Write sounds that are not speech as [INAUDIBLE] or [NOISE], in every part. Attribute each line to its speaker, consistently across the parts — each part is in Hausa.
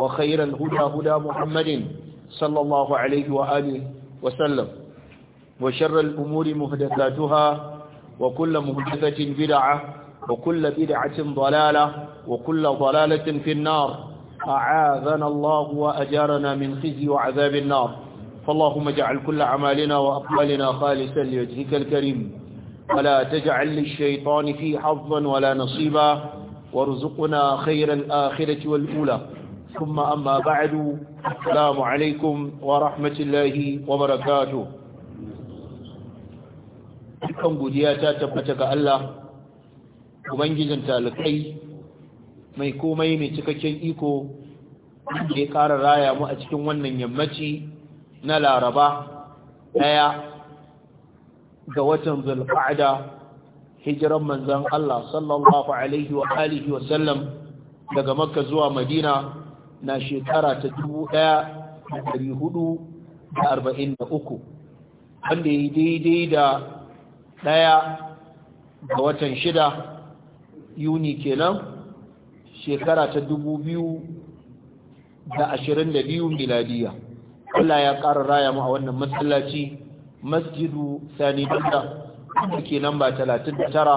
Speaker 1: وخير الهدى هدى محمد صلى الله عليه وآله وسلم وشر الأمور مهدثاتها وكل مهدثة بدعة وكل بدعة ضلالة وكل ضلالة في النار أعاذنا الله وأجارنا من خزي وعذاب النار فاللهم اجعل كل عمالنا وأقوالنا خالصا لوجهك الكريم ولا تجعل للشيطان في حظا ولا نصيبا وارزقنا خير الآخرة والأولى ثم أما بعد السلام عليكم ورحمة الله وبركاته dukkan godiya ta tabbata ga Allah ubangijin talikai mai komai mai cikakken iko da ya ƙara raya mu a cikin wannan yammaci na laraba ɗaya ga watan zulqa'da hijiran manzon Allah sallallahu alaihi wa alihi wa sallam daga makka zuwa madina na shekara ta dubu ɗaya da ɗari hudu da arba'in da uku wanda ya yi daidai da ɗaya ga watan shida yuni kenan shekara ta dubu biyu da ashirin da biyu miladiya Allah ya ƙara raya mu a wannan matsalaci masjidu sani danda wanda ke nan ba talatin da tara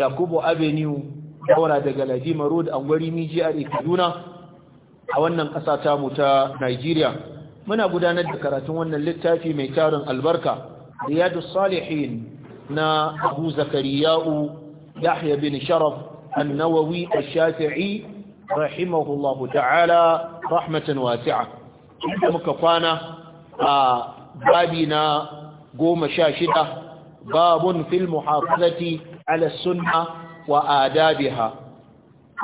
Speaker 1: yakubu avenue daura daga ladima road gwari miji a kaduna a wannan ƙasa ta mu ta Najeriya muna gudanar da karatun wannan littafi mai tarin albarka Riyadus Salihin na Abu Zakariya'u Yahya bin Sharaf An-Nawawi Ash-Shafi'i rahimahullahu ta'ala rahmatan wasi'a inda muka kwana a babi na goma sha shida babun fil muhafazati ala sunna wa adabiha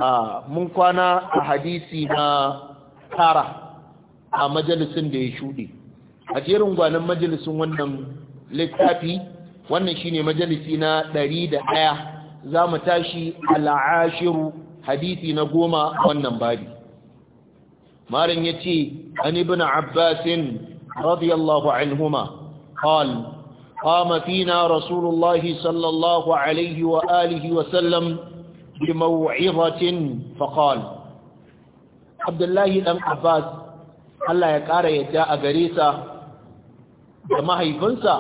Speaker 1: a mun kwana a hadisi na tara a majalisun da ya shuɗe a jerin gwanin majalisun wannan littafi wannan shine majalisi na ɗari da ɗaya za mu tashi al'ashiru hadisi na goma wannan babi malam ya ce an ibn abbasin radiyallahu anhuma قال قام فينا رسول sallallahu alaihi wa عليه بموعظة فقال عبد الله بن عباس الله ya ƙara yadda a gare sa da mahaifinsa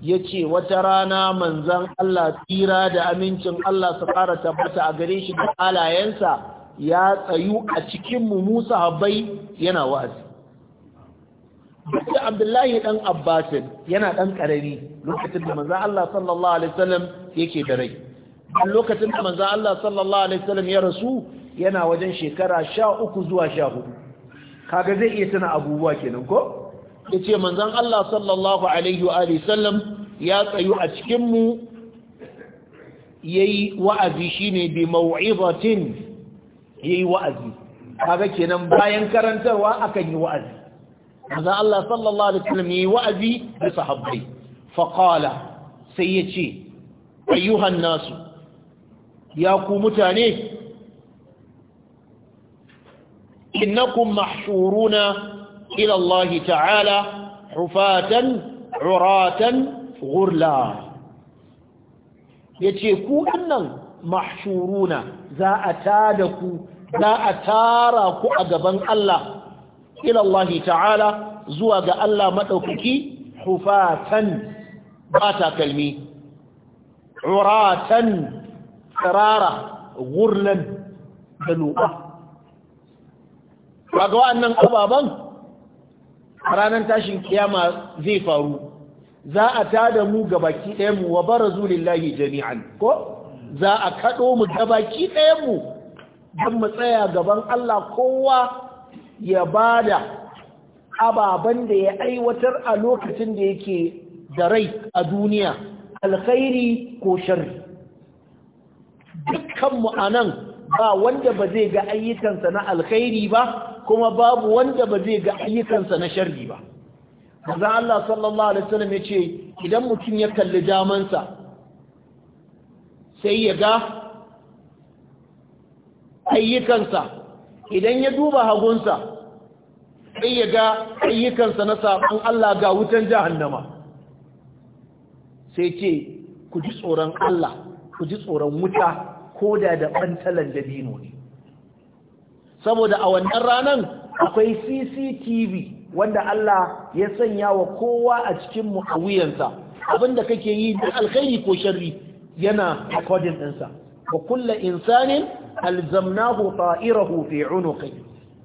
Speaker 1: ya ce wata rana manzan Allah tsira da amincin Allah su ƙara tabbata a gare shi da halayensa ya tsayu a cikin mu sahabbai yana wa'azi duk abdullahi ɗan Abbas yana ɗan ƙarari lokacin da manzan Allah sallallahu Alaihi wasallam yake da rai a lokacin da manzan Allah sallallahu alaihi wasallam ya rasu yana wajen shekara sha uku zuwa sha hudu kaga zai iya tuna abubuwa kenan ko ya ce manzan Allah sallallahu alaihi ya tsayu a cikinmu ya yi wa'azi shi ne bi mawu'izatin ya yi wa'azi kaga kenan bayan karantarwa akan yi wa'azi manzan Allah sallallahu alaihi ya yi wa'azi da sahabbai faƙala sai yace ce nasu ya ku mutane innakum mahshuruna ila Allah ta'ala hufatan uratan ghurla yace ku annan mahshuruna za a tada ku za a tara ku a gaban Allah ila Allah ta'ala zuwa ga Allah madaukaki hufatan ba takalmi uratan karara wurnan da Ba ga wa'annan ababan ranar tashin kiyama zai faru za a tada mu ga baki ɗayanmu wa barazu lillahi jami'an ko za a kaɗo mu ga baki ɗayanmu don mu tsaya gaban Allah kowa ya ba da ababen da ya aiwatar a lokacin da yake da rai a duniya alkhairi ko sharri dukkanmu a nan ba wanda ba zai ga ayyukansa na alkhairi ba kuma babu wanda ba zai ga ayyukansa na sharri ba maza Allah sallallahu alaihi wasallam ya ce idan mutum ya kalli damansa sai ya ga ayyukansa idan ya duba hagunsa sai ya ga ayyukansa na sabon Allah ga wutan jahannama sai ce ku ji tsoron Allah ku ji tsoron wuta ko da da ɓantalan dabino ne saboda a wannan ranar akwai cctv wanda Allah ya sanya wa kowa a cikin mu a wuyansa abinda kake yi da alkhairi ko sharri yana recording ɗinsa wa kulla insanin alzamnahu ta'irahu fi unuqi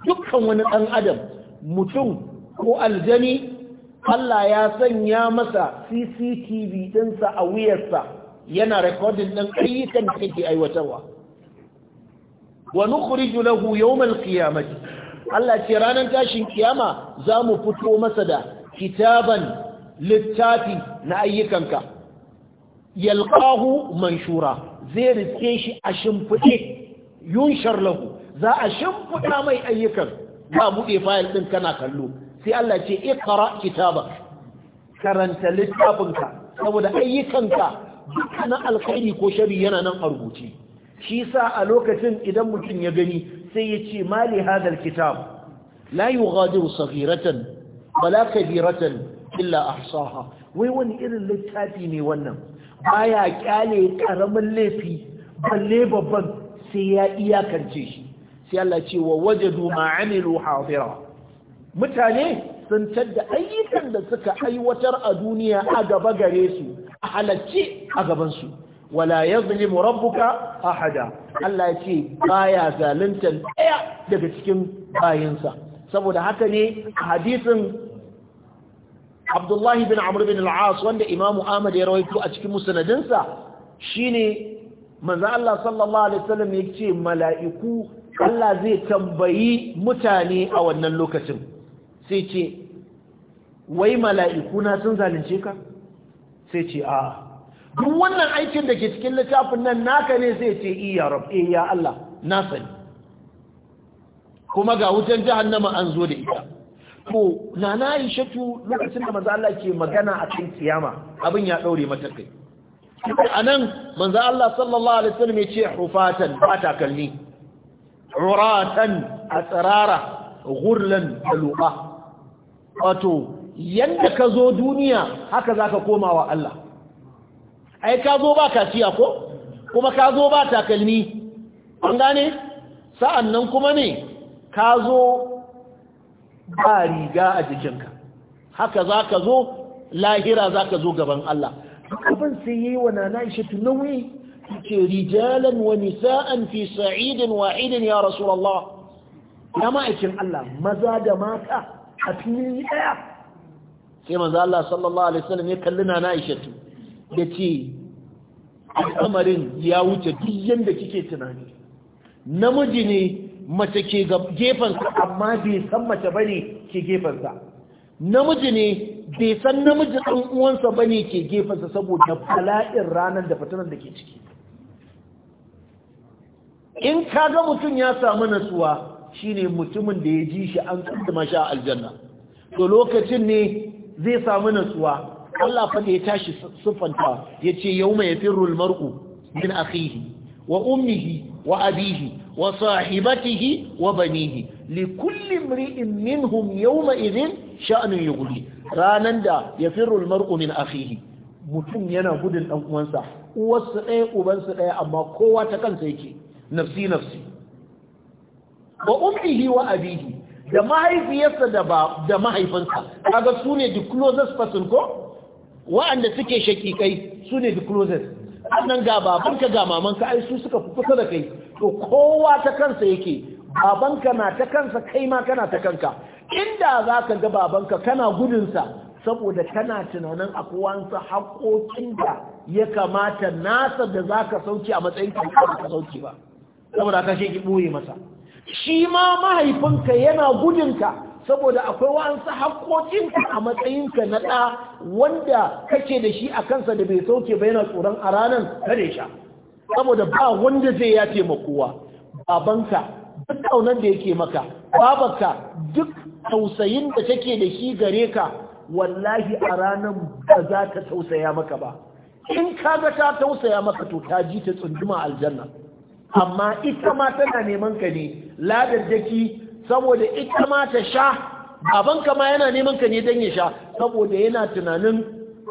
Speaker 1: dukkan wani dan adam mutum ko aljani Allah ya sanya masa CCTV ɗinsa a wuyarsa yana rikodin ɗin ayyukan da kake aiwatarwa wa nukhriju lahu yawmal qiyamati Allah ce ranar tashin kiyama za mu fito masa da kitaban littafi na ayyukanka yalqahu manshura zai riske shi a shimfiɗe yunshar lahu za a shimfiɗa mai ayyukan ba buɗe fayil ɗin kana kallo sai Allah ce iqra kitaba karanta littafinka saboda ayyukanka dukkanin alkhairi ko shari yana nan a rubuce shi sa a lokacin idan mutum ya gani sai ya ce mali hadal kitab la yughadiru saghiratan wala kabiratan illa ahsaha wai wani irin littafi ne wannan baya kyale karamin laifi balle babban sai ya iyakance shi sai Allah ce wa wajadu ma amilu hadira mutane sun tadda ayyukan da suka aiwatar a duniya a gaba gare su a halacci a gabansu wala yazlimu rabbuka ahada Allah ya ce baya zalunta daya daga cikin bayinsa saboda haka ne hadisin Abdullahi bin Amr bin al-As wanda Imam Ahmad ya rawaito a cikin musnadinsa shine manzo Allah sallallahu alaihi wasallam yace mala'iku Allah zai tambayi mutane a wannan lokacin sai ce wai mala'iku na sun zalunce ka sai ce a duk wannan aikin da ke cikin littafin nan naka ne sai ce iya eh, rab eh ya Allah na sani kuma ga wutan jahannama an zo da ita to yi shatu lokacin da manzo Allah ke magana a cikin kiyama abin ya daure mata kai anan manzo Allah sallallahu alaihi wasallam ya ce hufatan ba takalmi uratan asrara ghurlan luqa wato Yadda ka zo duniya haka za ka koma wa Allah ai ka zo ba kaciya ko kuma ka zo ba takalmi an gane sa'an nan kuma ne ka zo ba riga a jikinka haka za ka zo lahira za ka zo gaban Allah abin sai yi wa nana ishe tunawi ce rijalan wani sa'an fi sa'idin wa'idin ya rasulallah ya ma'aikin Allah maza da mata a fili ɗaya sai manzo Allah sallallahu alaihi wasallam ya kalli na Aishatu yace al'amarin ya wuce duk yanda kike tunani namiji ne mace ke sa amma bai san mace bane ke sa namiji ne bai san namiji ɗan uwansa bane ke sa saboda bala'in ranar da fitinan da ke ciki in kaga mutum ya samu natsuwa shine mutumin da ya ji shi an kaddama shi a aljanna to lokacin ne zai samu natsuwa Allah fa ya tashi siffanta yace yawma firul almar'u min akhihi wa ummihi wa abihi wa sahibatihi wa banihi li kulli imri'in minhum yawma idhin sha'nun yughli ranan da firul almar'u min akhihi mutum yana gudun dan uwansa uwarsa ɗaya ubansa ɗaya amma kowa ta kansa yake nafsi nafsi wa ummihi wa abihi da mahaifiyarsa da mahaifinsa kaga su ne the closest person ko wa'anda suke shakikai su ne the closest annan ga babanka ga mamanka ai su suka fi kusa da kai to kowa ta kansa yake babanka na ta kansa kai ma kana ta kanka inda za ka ga babanka kana gudunsa saboda kana tunanin akowansa haƙoƙin da ya kamata nasa da za ka sauke a matsayin kan ka sauki ba saboda ka shi ki ɓoye masa shi ma mahaifinka yana gudunka saboda akwai wa'ansu haƙoƙinka a matsayinka na ɗa wanda kake da shi a kansa da bai sauke ba yana tsoron a ranar kare sha saboda ba wanda zai ya taimakowa babanka duk ƙaunar da yake maka babanka duk tausayin da take da shi gare ka wallahi a ranar ba za ta tausaya maka ba in ka ga ta tausaya maka to ta ji ta tsunduma aljanna amma ita ma tana neman ka ne ladar jaki saboda ita ma ta sha babanka ma yana neman ka ne don ya sha saboda yana tunanin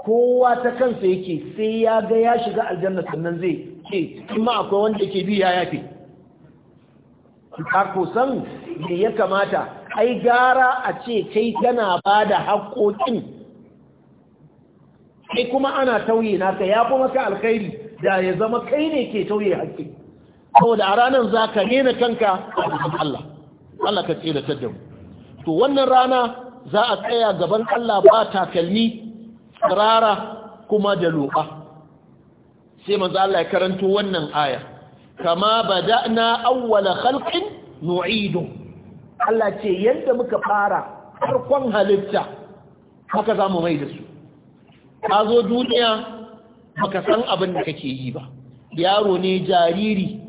Speaker 1: kowa ta kansa yake sai ya ga ya shiga aljanna sannan zai ke kuma akwai wanda yake bi ya yafi ka san da ya kamata ai gara a ce kai kana ba da haƙoƙin kai kuma ana tauye naka ya fi maka alkhairi da ya zama kai ne ke tauye haƙƙi saboda a ranar za ka nena kanka a Allah Allah ka tsira ta da mu to wannan rana za a tsaya gaban Allah ba takalmi rara kuma da loƙa sai manzo Allah ya karanto wannan aya kama bada'na awwala khalqin nu'idu Allah ce yadda muka fara farkon halitta haka zamu mai da su ka zo duniya baka san abin da kake yi ba yaro ne jariri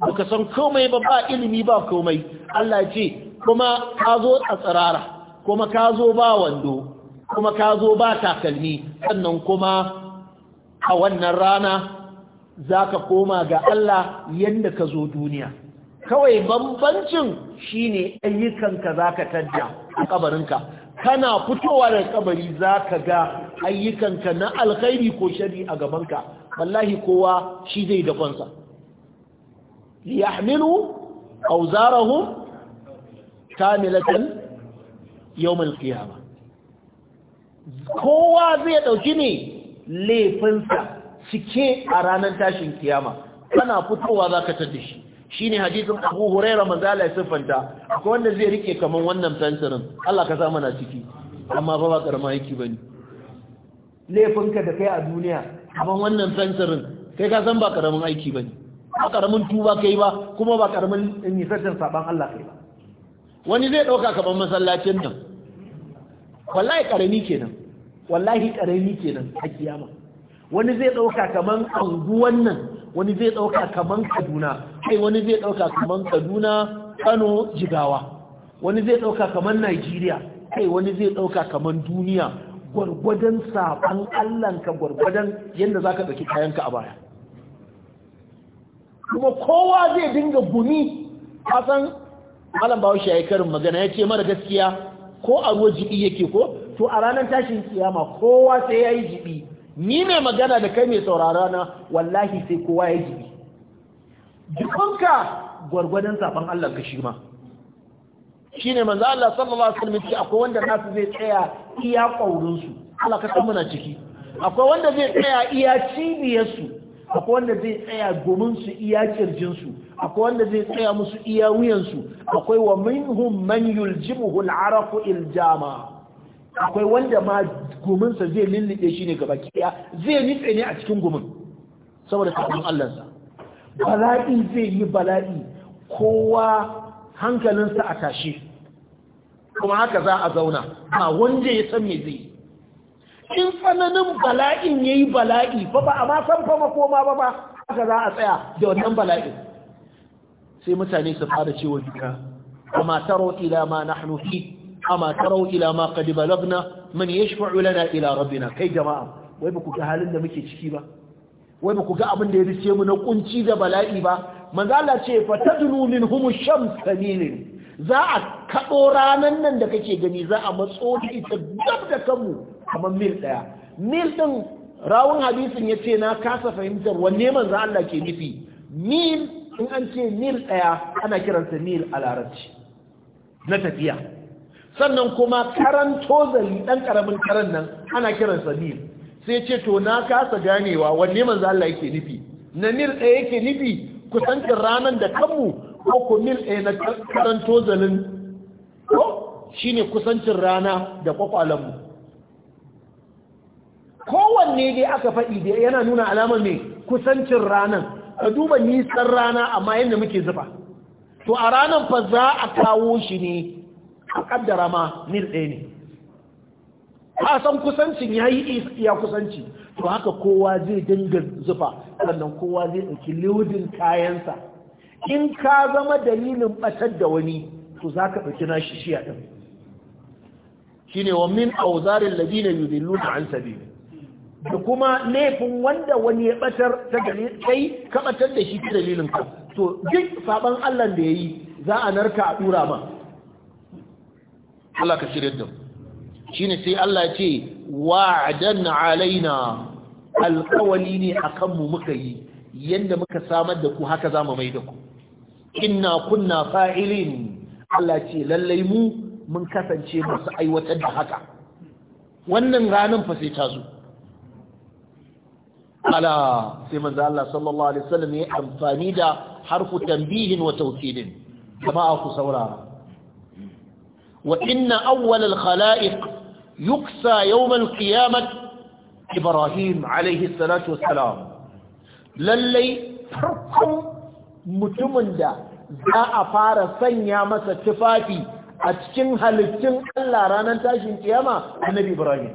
Speaker 1: baka san komai ba ba ilimi ba komai Allah ce kuma ka zo a tsirara kuma ka zo ba wando kuma ka zo ba takalmi sannan kuma a wannan rana za ka koma ga Allah yadda ka zo duniya kawai bambancin shine ayyukanka za ka tajja a kabarinka kana fitowa da kabari za ka ga ayyukanka na alkhairi ko shari a gabanka wallahi kowa shi zai da liyahmilu awzarahum kamilatan yawm al-qiyama kowa zai dauki ne laifinsa cike a ranar tashin kiyama kana fitowa zaka tada shi shine hadisin Abu Hurairah manzala ya siffanta akwai wanda zai rike kaman wannan fensirin. Allah ka sa mana ciki amma ba ba karama yake bane laifinka da kai a duniya kaman wannan tantarin kai ka san ba karamin aiki bane ba karamin tuba kai ba kuma ba karamin nisantar saban Allah kai ba wani zai ɗauka kamar masallacin nan wallahi karami kenan wallahi karami kenan a kiyama wani zai ɗauka kamar anguwan nan wani zai ɗauka kamar kaduna kai wani zai ɗauka kamar kaduna kano jigawa wani zai ɗauka kamar najeriya kai wani zai ɗauka kamar duniya gwargwadon saban allahnka gwargwadon yadda za ka ɗauki kayanka a baya kuma kowa zai dinga gumi kasan malam bahaushe ya karin magana ya ce mara gaskiya ko a ruwa jibi yake ko to a ranar tashin kiyama kowa sai ya yi jibi ni mai magana da kai mai saurara na wallahi sai kowa ya yi jibi jikinka gwargwadon saban Allah ka shi ma shi ne manzan Allah sallallahu ce akwai wanda nasu zai tsaya iya kaurin Allah ka san muna ciki akwai wanda zai tsaya iya cibiyarsu. akwai wanda zai tsaya domin su iya kirjinsu akwai wanda zai tsaya musu iya wuyansu akwai wa minhum man yuljimuhu al'arafu iljama akwai wanda ma guminsa zai lullube shi ne gaba kiya zai nitse ne a cikin gumin saboda Allah sa bala'i zai yi bala'i kowa hankalinsa a tashi kuma haka za a zauna ba wanda ya san me zai in tsananin bala'in ya yi bala'i ba ba a ma san ko ma ba ba haka za a tsaya da wannan bala'in sai mutane su fara cewa jika. A taro ila ma nahnu fi A taro ila ma qad balagna man yashfa'u lana ila rabina kai jama'a wai ba ku ga halin da muke ciki ba wai ba ku ga abin da ya rice mu na kunci da bala'i ba manzala ce fa min humu shams kamilin za a kaɗo ranan nan da kake gani za a matso ita gab da kanmu kamar mil ɗaya mil ɗin rawun hadisin ya ce na kasa fahimtar wanne manzo Allah ke nufi mil in an ce mil ɗaya ana kiransa mil a larabci na tafiya sannan kuma karanto zali ɗan ƙaramin karan nan ana kiransa mil sai ce to na kasa ganewa wanne manzo Allah yake nufi na mil ɗaya yake nufi kusancin ranar da kanmu ko ku mil ɗaya na karanto zalin ko shine kusancin rana da kwakwalenmu kowanne dai aka faɗi dai yana nuna alama mai kusancin ranar ka duba nisan rana amma yadda muke zufa. to a ranar fa za a kawo shi ne a ƙaddara ma mil ɗaya ne a san kusancin ya yi iya kusanci to haka kowa zai dinga zufa sannan kowa zai ɗauki lodin kayansa in ka zama dalilin ɓatar da wani to za ka ɗauki nashi shi a ɗan. shi ne wa min auzarin ladina luna an ne da kuma laifin wanda wani ya batar ta gare kai ka batar da shi ta dalilin ka to duk saban Allah da yayi za a narka a dura ma Allah ka shirye da shine sai Allah ya ce wa'adan alaina alqawli ne akan mu muka yi yanda muka samar da ku haka zamu mai da ku inna kunna fa'ilin Allah ce lallai mu mun kasance masu aiwatar da haka wannan ranan fa sai ta zo ala sai manzo Allah sallallahu alaihi wasallam ya amfani da harfu tanbihin wa tawkidin jama'a ku saurara wa inna awwal al khalaiq yuksa yawm al qiyamah ibrahim alaihi salatu wassalam Lallai, farkon mutumin da za a fara sanya masa tufafi a cikin halittun Allah ranar tashin kiyama annabi ibrahim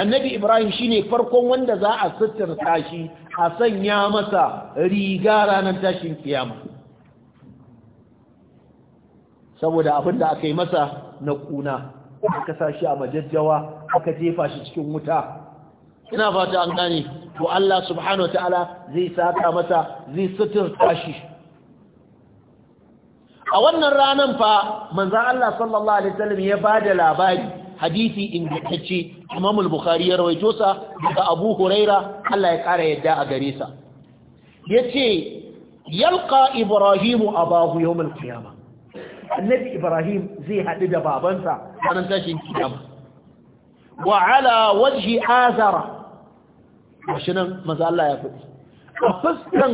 Speaker 1: annabi ibrahim shine farkon wanda za a sutura shi a sanya masa riga ranar tashin kiyama saboda abin da aka yi masa na kuna aka sa shi a majajjawa aka jefa shi cikin wuta ina fata an gane to Allah subhanahu wataala zai saka masa zai sutura shi a wannan ranar fa manzan Allah sallallahu alaihi wasallam ya bada labari hadisi ingantacce Imam al-Bukhari ya rawaito sa daga Abu Huraira Allah ya kara yadda a gare sa yace yalqa Ibrahim abahu yawm al-qiyamah Annabi Ibrahim zai hadu da babansa ranar tashin kiyama wa ala wajhi azara shinan maza Allah ya fadi a fuskan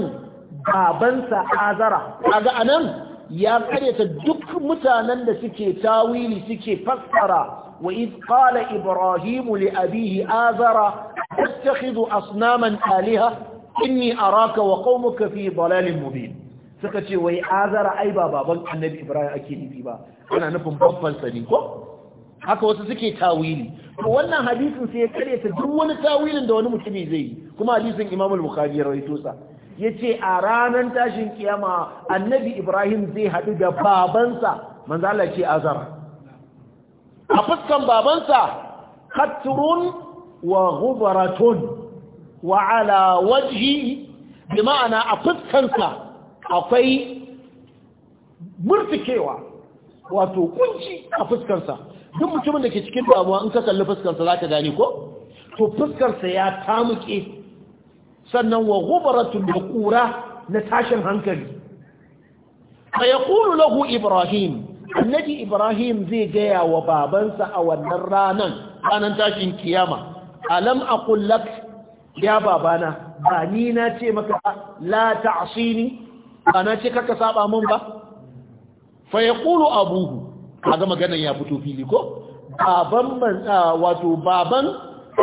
Speaker 1: babansa azara kaga anan ya karyata duk mutanen da suke tawili suke fassara وإذ قال إبراهيم لأبيه آذر اتخذ أصناما آلهة إني أراك وقومك في ضلال مبين سكتي وي آذر أي بابا بل النبي إبراهيم أكيد بابا أنا نفهم بفل صديقه haka wasu suke tawili wannan hadisin sai ya karyata duk wani tawilin da wani mutumi zai yi kuma hadisin Imam al-Bukhari ya rawaito sa yace a ranar tashin kiyama annabi Ibrahim zai hadu da babansa manzo Allah ce azara a fuskan babansa khatrun wa ghubaratun wa ala wajhi bi ma'ana a fuskansa akwai murtikewa wato kunci a fuskansa duk mutumin da ke cikin damuwa in ka kalli fuskarsa za ka gane ko to fuskarsa ya tamuke sannan wa gubaratun da kura na tashin hankali ya yaqulu lahu ibrahim annabi ibrahim zai gaya wa babansa a wannan ranan ranan tashin kiyama alam aqul lak ya babana ba ni na ce maka la ta'sini ba na ce kaka saba mun ba fa yaqulu abuhu kaga maganan ya fito fili ko baban wato baban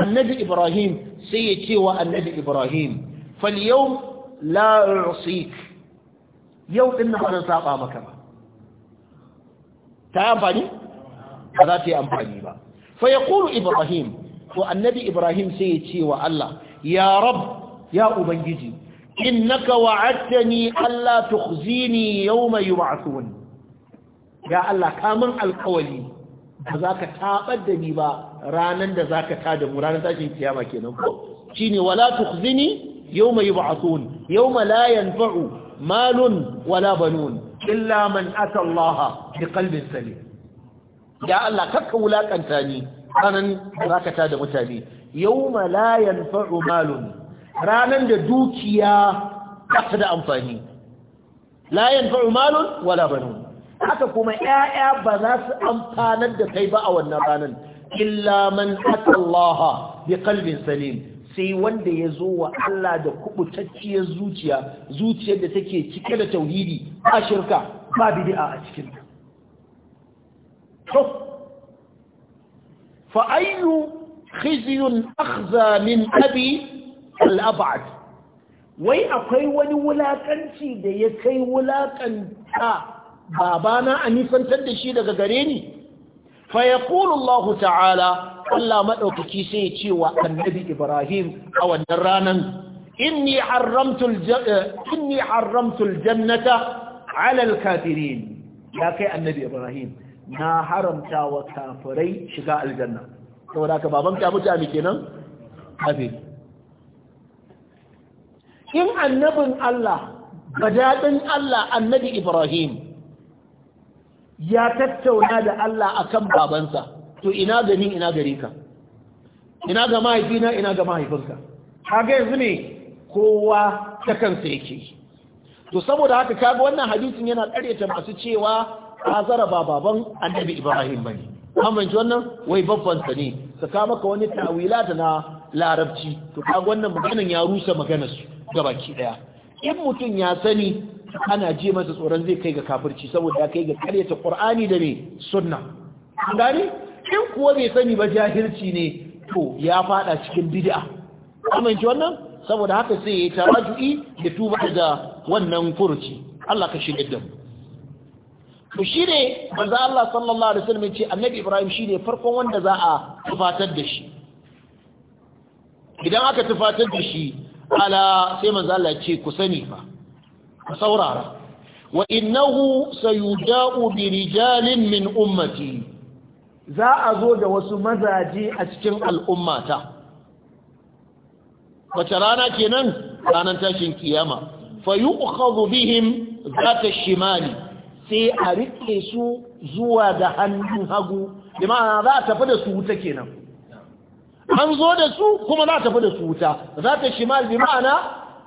Speaker 1: annabi ibrahim sai ya ce wa annabi ibrahim fal yawm la usik yau din na ban saba maka ba ta yi amfani ba za ta yi amfani ba fa ya kulu ibrahim ko annabi ibrahim sai ya ce wa Allah ya rab ya ubangiji innaka wa'adtani alla tukhzini yawma yub'athun ya Allah kamun alkawali ba za ka tabar da ni ba ranan da za ka tada mu ranan tashin kiyama kenan ko shine wala tukhzini yawma yub'athun yawma la yanfa'u malun wala banun illa man ata Allah bi qalbin salim ya Allah kakka wulaƙanta ni ranan zakata da mutane yawma la yanfa'u malun ranar da dukiya ta da amfani Layan yanfa'u malun wala banun haka kuma ƴaƴa ba za su amfanar da kai ba a wannan ranan illa man ata Allah bi qalbin salim sai wanda ya zo wa Allah da kubutacciyar zuciya zuciyar da take cike da tauhidi ba shirka ba bid'a a cikin ta to fa ayyu khizyun akhza min abi al-ab'ad wai akwai wani wulakanci da ya kai wulakanta babana a nisantar da shi daga gare ni fa yaqulu Allah ta'ala Allah maɗaukaki sai ya ce wa annabi Ibrahim a wannan ranan inni haramtul inni haramtul jannata ala al-kafirin ya kai annabi Ibrahim na haramta wa kafirai shiga aljanna saboda ka baban ka mutu ami kenan kafir in annabin Allah badadin Allah annabi Ibrahim ya tattauna da Allah akan babansa to ina ganin ina gare ka ina ga mahaifina ina ga mahaifinka kaga yanzu ne kowa ta kansa yake to saboda haka kaga wannan hadisin yana karyata masu cewa azara ba baban annabi ibrahim bane amince wannan wai babban sa ne saka maka wani tawilata na larabci to kaga wannan maganan ya rusa maganar su gabaki daya in mutum ya sani ana ji masa tsoron zai kai ga kafirci saboda ya kai ga karyata qur'ani da ne sunna gane in kuwa bai sani ba jahilci ne to ya fada cikin bid'a amince wannan saboda haka sai ya taraju'i da tuba da wannan furuci Allah ka shirye da mu to ne manzo Allah sallallahu alaihi wasallam ce annabi Ibrahim shi ne farkon wanda za a tufatar da shi idan aka tufatar da shi ala sai manzo Allah ce ku sani fa ku saurara wa innahu sayuda'u bi rijalin min ummati za a zo da wasu mazaje a cikin al'ummata wace rana kenan ranar tashin kiyama fa za bihim zata shimali sai a rike su zuwa da hannun hagu bi ma'ana za a tafi da su wuta kenan an zo da su kuma za a tafi da su wuta zata shimali bi ma'ana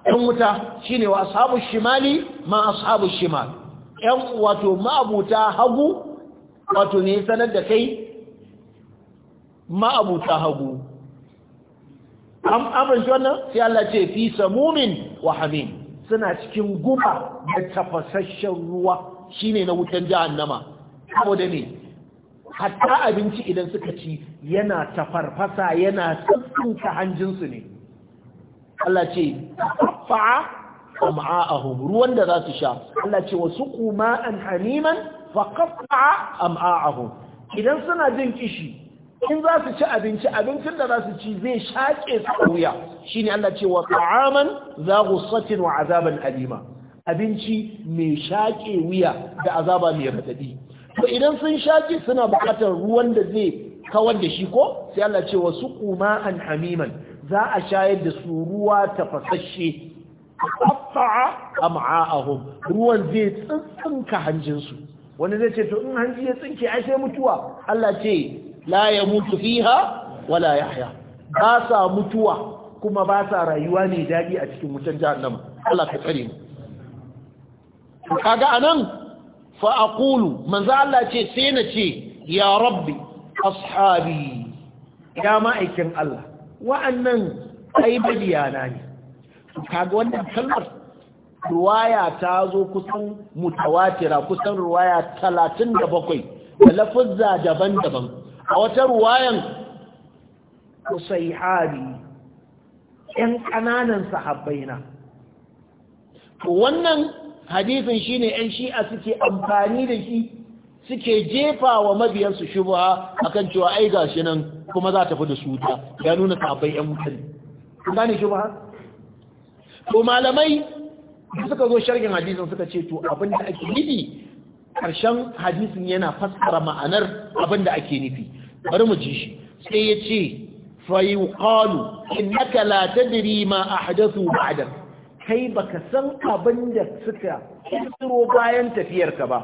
Speaker 1: ɗan wuta shi shine wa ashabu shimali ma ashabu shimal ƴan wato ma'abuta hagu wato ne sanar da kai ma'abuta hagu an amince wannan sai Allah ce fi samumin wa hamim suna cikin guba da tafasasshen ruwa shine na wutan jahannama saboda ne hatta abinci idan suka ci yana tafarfasa yana tsuntsunta hanjinsu ne Allah ce fa'a am'a'ahum ruwan da za su sha Allah ce wasu kuma an haniman faqa'a am'a'ahum idan suna jin kishi in za su ci abinci abincin da za su ci zai shaƙe su a wuya shine Allah ce wa ta'aman za ghussatin wa azaban alima abinci mai shaƙe wuya da azaba mai raɗaɗi to idan sun shaƙe suna buƙatar ruwan da zai kawar da shi ko sai Allah ce wa kuma an hamiman za a shayar da su ruwa tafasasshe a am'a'ahum ruwan zai tsintsinka hanjinsu wani zai ce to in hanji ya tsinke ashe mutuwa Allah ce la ya mutu fiha wala yahya ba sa mutuwa kuma ba sa rayuwa ne dadi a cikin wutan jahannama Allah ka tsare mu kaga anan fa aqulu manzo Allah ce sai na ce ya rabbi ashabi ya ma'aikin Allah wa'annan ai na ne kaga wannan kalmar ruwaya ta zo kusan mutawatira kusan ruwaya talatin da bakwai da lafuzza daban-daban a wata ruwayan kusaihari ‘yan ƙananan sahabbaina to wannan hadithin shine ‘yan shi'a suke amfani da shi suke jefa wa mabiyansu shubha akan cewa ai gashi nan kuma za ta fi da su ya nuna sahabbai ‘yan mutane kun gane shubha to malamai suka zo shargin hadisin suka ce to abinda ake nufi karshen hadisin yana fassara ma'anar abinda ake nufi bari mu ji shi sai ya ce fayuqalu innaka la tadri ma ahdathu ba'da kai baka san abin da suka tsiro bayan tafiyarka ba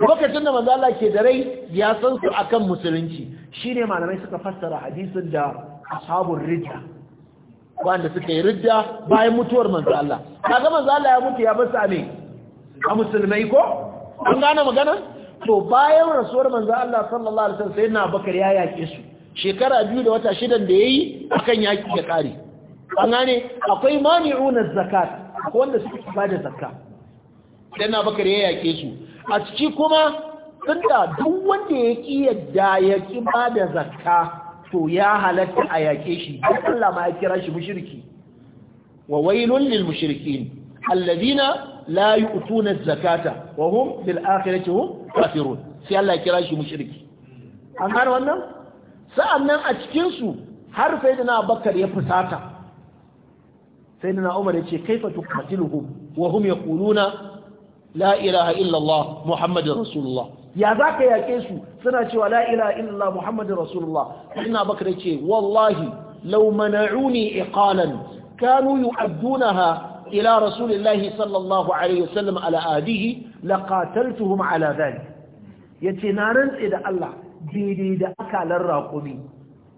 Speaker 1: lokacin da manzo Allah ke da rai ya san su akan musulunci shine malamai suka fassara hadisin da ashabul ridda wanda suka yi ridda bayan mutuwar manzo Allah kaga manzo Allah ya mutu ya sa ne a musulmai ko an gane magana to bayan rasuwar manzo Allah sallallahu alaihi wasallam sayyidina Abubakar ya yake su shekara biyu da wata shidan da yayi akan yaki da kare an gane akwai mani'una zakat wanda suke bada zakka sayyidina Abubakar ya yake su a ciki kuma tunda duk wanda ya ki yadda ya ki bada zakka to ya halatta a yake shi Allah ma ya kira shi mushriki wa wailun lil mushrikin alladhina la yu'tuna zakata wa hum bil akhirati hum kafirun sai Allah ya kira shi mushriki an gane wannan sa'annan a cikin su har sai Abubakar ya fusata sayyidina Umar ya ce kaifa tuqatiluhum wa hum yaquluna la ilaha illa Allah muhammadur rasulullah ya zaka yake su suna cewa la ilaha illa Allah muhammadur rasulullah sayyidina Abubakar ya ce wallahi law mana'uni iqalan kanu yu'addunaha إلى رسول الله صلى الله عليه وسلم على آده لقاتلتهم na ذلك يتنارن إذا الله daidai da akalar raƙumi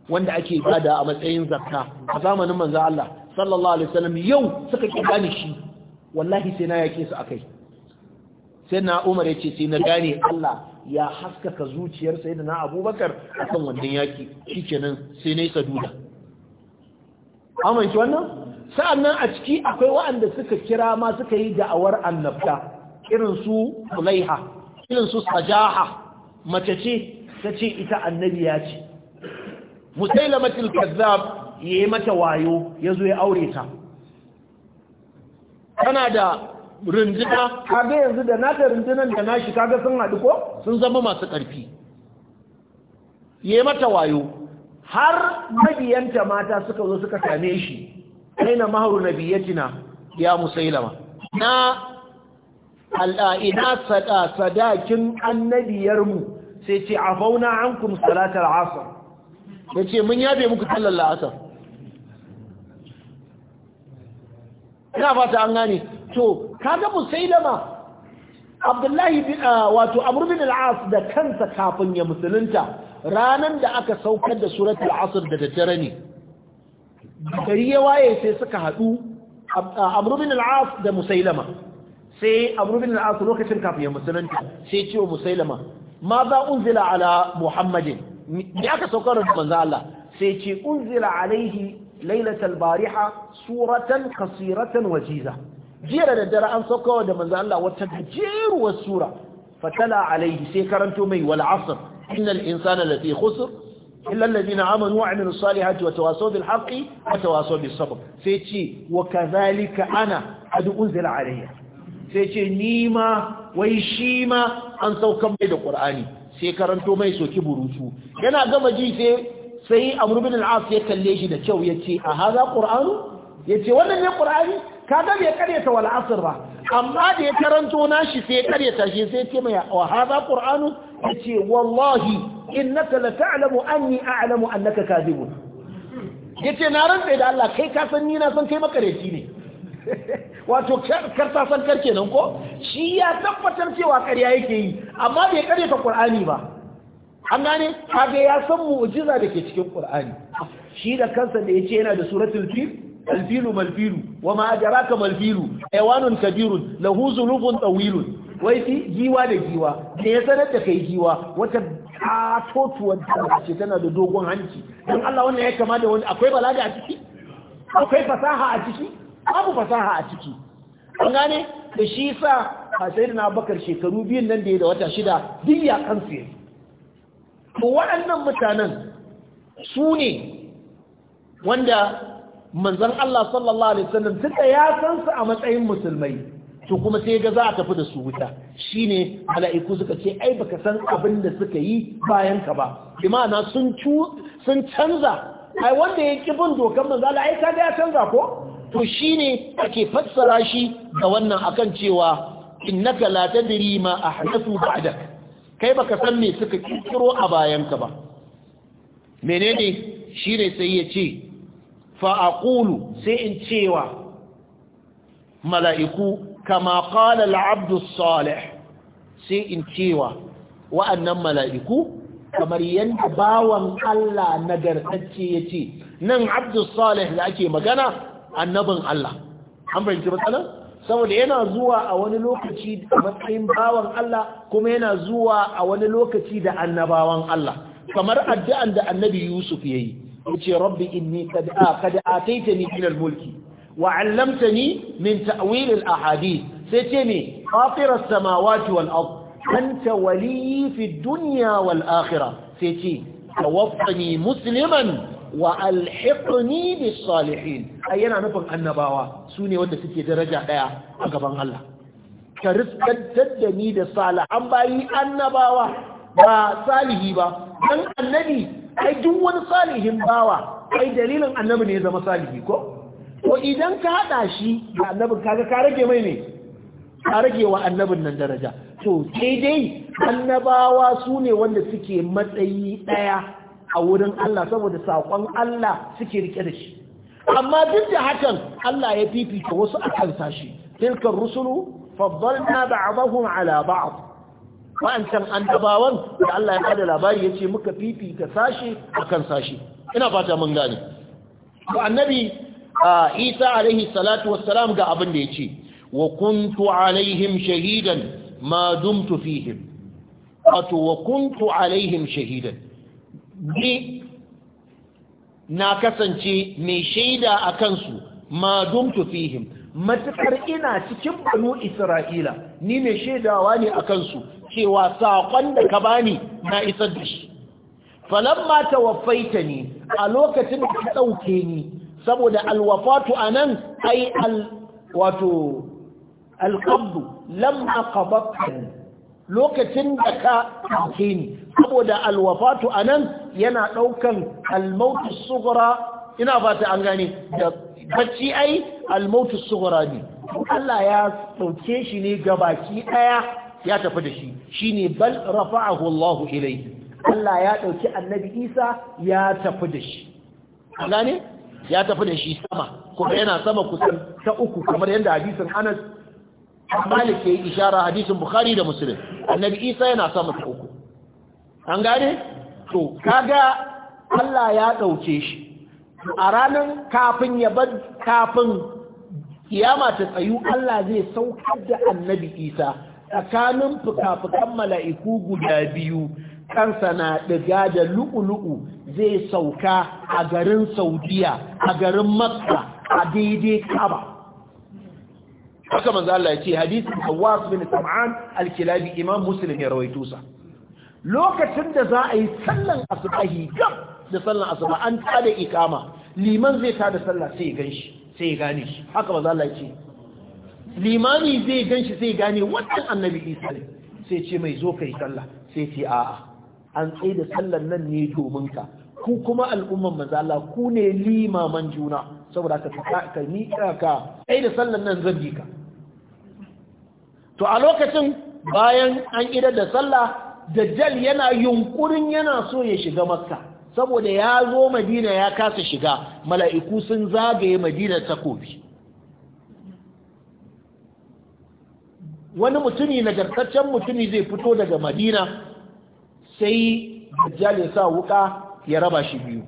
Speaker 1: wanda ake bada a matsayin zakka a zamanin manzo Allah sallallahu alaihi wasallam yau suka ki gane shi wallahi sai na yake su kai sai na Umar ya ce sai na gane Allah ya haskaka zuciyar sayyidina Abubakar a akan wannan yaki shikenan sai nayi saduda amince wannan sa'annan a ciki akwai waɗanda suka kira ma suka yi da'awar annabta irin su Sulaiha irin su Sajaha mace ce ta ce ita annabi ya ce Musailamatul Kazzab yayi mata wayo yazo ya aure ta Kana da rinjina kaga yanzu da nata rinjinan da nashi kaga sun haɗu ko sun zama masu ƙarfi yi mata wayo har mabiyanta mata suka zo suka same shi aina maharu nabiyatina ya musailama na sada sadakin annabiyarmu sai ce afauna ankum salatar asar ya ce mun yabe muku sallar la'asar ina fata an gane to kaga musailama abdullahi bin ah, wato amr bin al-as da kansa kafin ya musulunta ranan da aka saukar da suratul asr da daddare ne gari ya waye sai suka haɗu ah, amr bin al-as da musailama sai amr bin al-as lokacin kafin ya musulunta sai ce wa musailama ma za unzila ala muhammadin me aka saukar da manzo Allah sai ce unzila alaihi lailatul bariha suratan qasiratan wajiza jiya da daddare an saukawa da manzo Allah wata gajeruwar sura fatala alaihi sai karanto mai wal asr innal insana lafi khusr illa alladhina amanu wa amilus salihati wa tawasaw bil haqqi wa tawasaw bis sabr sai ce wa kadhalika ana ad unzila alayya sai ce ni ma wai shi ma an saukan mai da qur'ani sai karanto mai soki burutu yana gama ji sai sai amr bin al-as ya kalle shi da kyau yace a hada qur'anu yace wannan ne qur'ani kaga bai karyata wal asr ba amma da ya karanto nashi sai ya karyata shi sai ce mai wa hadha qur'anu yace wallahi innaka la ta'lamu anni a'lamu annaka kadhibun yace na rantsa da Allah kai ka san ni na san kai makareci ne [LAUGHS] wato karta san karke nan ko shi ya tabbatar cewa ƙarya yake yi amma bai karyata qur'ani ba an gane Kage ya san mu'jiza da ke cikin qur'ani shi da kansa da yace yana da suratul fil الفيل مالفيل وما أدراك مالفيل حيوان كبير له ظلوف طويل ويسي جيوا لجيوا نيسانة كي جيوا وتبعاتوت وانتبعتنا لدوغون عنتي لأن الله وانا يكما ماذا وانا أكوي بلاجة أتكي أكوي فساها أتكي أبو فساها أتكي أنغاني الشيسة سيدنا بكر شكرو بيين نندي دوتا شدا دي يا كنسي وأنا متانا سوني wanda manzon Allah sallallahu alaihi wasallam tunda ya san su a matsayin musulmai to kuma sai ga za a tafi da su wuta shine mala'iku suka ce ai baka san abin da suka yi bayan ka ba imana sun sun canza ai wanda ya ki bin dokan manzo Allah ai kaga ya canza ko to shine ake fassara shi da wannan akan cewa innaka la tadri ma ahdathu ba'dak kai baka san me suka kikiro a bayan ka ba menene shine sai ya ce fa'aqulu sai in cewa mala'iku kama qala al sai in cewa wa'annan mala'iku kamar yadda bawan Allah nagartacce yace nan abdu da ake magana annabin Allah an bayyana matsalar saboda yana zuwa a wani lokaci a matsayin bawan Allah kuma yana zuwa a wani lokaci da annabawan Allah kamar addu'an da annabi Yusuf ya yi yace rabbi inni qad qad ataitani min al-mulki wa 'allamtani min ta'wil al-ahadith sai ce ne fatir as-samawati wal-ard anta wali fi ad-dunya wal-akhirah sai ce tawaffani musliman wa alhiqni bis salihin yana nufin annabawa Sune ne wanda suke daraja daya a gaban Allah ka riskantar da ni da salihan bayi annabawa ba salihi ba dan annabi ai duk wani salihin bawa ai dalilin annabi ne ya zama salihi ko ko idan ka hada shi da annabin kaga ka rage mai ne ka rage wa annabin nan daraja to sai dai annabawa su ne wanda suke matsayi daya a wurin Allah saboda sakon Allah suke rike da shi amma duk da hakan Allah ya fifita wasu akan sashi tilkar rusulu faddalna ba'dahum ala ba'd wa'ancan annabawan da Allah ya bada labari ya ce muka fifita sashi akan sashi ina fata mun gane to annabi Isa alaihi salatu wassalam ga abin da ya ce wa kuntu alaihim shahidan ma dumtu fihim wato wa kuntu alaihim shahidan ni na kasance mai shaida a kansu ma dumtu fihim matukar ina cikin banu isra'ila ni mai shaidawa ne a kansu cewa saƙon da ka bani na isar da shi falamma tawaffaita ne a lokacin da ka ɗauke ni saboda alwafatu a nan ai wato alƙabdu lamma qabatta lokacin da ka ɗauke ni saboda alwafatu a nan yana ɗaukan almautu sugura ina fata an gane da bacci ai almautu sugura ne Allah ya ɗauke shi ne gabaki ɗaya ya tafi da shi shine bal rafa'ahu Allah ilayhi Allah ya dauki annabi Isa ya tafi da shi gane ya tafi da shi sama kuma yana sama kusan ta uku kamar yadda hadisin Anas Malik yayi ishara hadisin Bukhari da Muslim annabi Isa yana sama ta uku an gane to kaga Allah ya dauke shi a ranar kafin ya bar kafin kiyama ta tsayu Allah zai saukar da annabi Isa tsakanin fuka-fukan mala'iku guda biyu kansa na ɗiga da lu'ulu'u zai sauka a garin saudiya a garin makka a daidai kaba haka manzo Allah ya ce hadisin Hawwas bin Sam'an al-Kilabi Imam Muslim ya rawaito sa lokacin da za a yi sallan asubahi gab da sallan asuba an tada ikama liman zai tada sallah sai ya ganshi sai ya gane shi haka manzo Allah ya ce limami zai gan shi zai gane wannan annabi isa ne sai ce mai zo ka yi sallah sai ce a'a an tsaye da sallan nan ne domin ka ku kuma al'umman manzo ku ne limaman juna saboda ka ka ni ka tsaye da sallan nan zan bi ka to a lokacin bayan an idar da sallah dajjal yana yunkurin yana so ya shiga makka saboda ya zo madina ya kasa shiga mala'iku sun zagaye madina ta kofi wani mutumi nagartaccen mutumi zai fito daga madina sai dajjal ya sa wuka ya raba shi biyu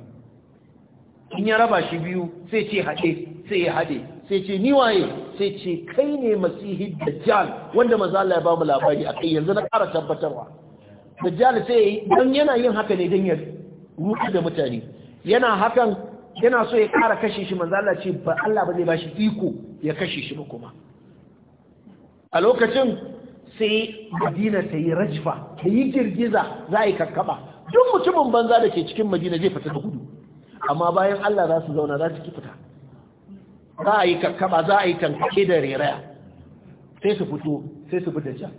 Speaker 1: in ya raba shi biyu sai ce haɗe sai ya haɗe sai ce ni waye sai ce kai ne masihi dajjal wanda maza ya ba mu labari a kai yanzu na ƙara tabbatarwa dajjal sai don yana yin haka ne don ya ruɗu da mutane yana hakan yana so ya ƙara kashe shi mazala ce ba Allah ba zai ba shi iko ya kashe shi ba kuma a lokacin sai madina ta yi rajfa ta yi girgiza za a yi kakkaba duk mutumin banza da ke cikin madina zai fita da gudu amma bayan allah za su zauna za su ki fita za a yi kakkaba za a yi tankake da reraya sai su fito sai su fita ja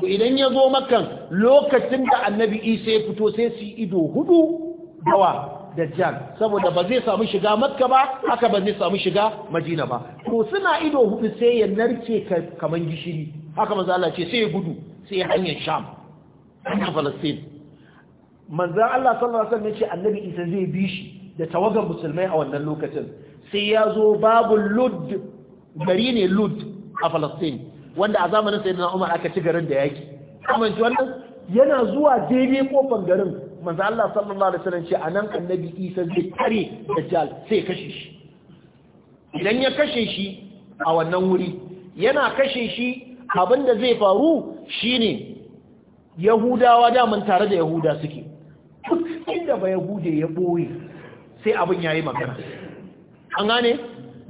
Speaker 1: to idan ya zo makan lokacin da annabi isa ya fito sai su yi ido hudu dawa dajjal saboda ba zai samu shiga makka ba haka ba zai samu shiga madina ba to suna ido hudu sai ya narke kaman gishiri haka manzo Allah ce sai ya gudu sai ya hanyar sham hanyar falastin manzo Allah sallallahu alaihi wasallam ya ce annabi isa zai bi shi da tawagar musulmai a wannan lokacin sai ya zo babu lud gari ne lud a falastin wanda a zamanin sayyidina umar aka ci garin da yaki amince wannan yana zuwa daidai kofar garin manzo Allah sallallahu alaihi wasallam ce anan annabi Isa zai kare dajjal sai kashe shi idan ya kashe shi a wannan wuri yana kashe shi abinda zai faru shine Yahudawa daman tare da Yahuda suke duk inda ba Yahude ya boye sai abin yayi magana an gane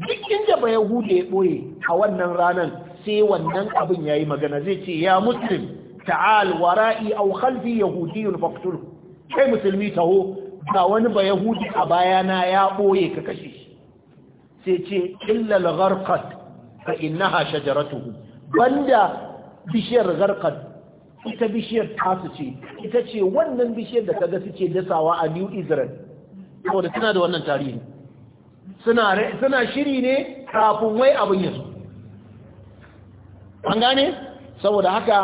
Speaker 1: duk inda ba Yahude ya boye a wannan ranan sai wannan abin yayi magana zai ce ya muslim ta'al wara'i aw khalfi yahudiyun faqtulhu kai musulmi taho ga wani ba yahudi a bayana ya ɓoye ka kashe shi sai ce illal gharqat fa innaha shajaratuhu banda bishiyar gharqat ita bishiyar tasu ce ita ce wannan bishiyar da kaga suke dasawa a New Israel saboda suna da wannan tarihi suna suna shiri ne kafin wai abin ya an gane saboda haka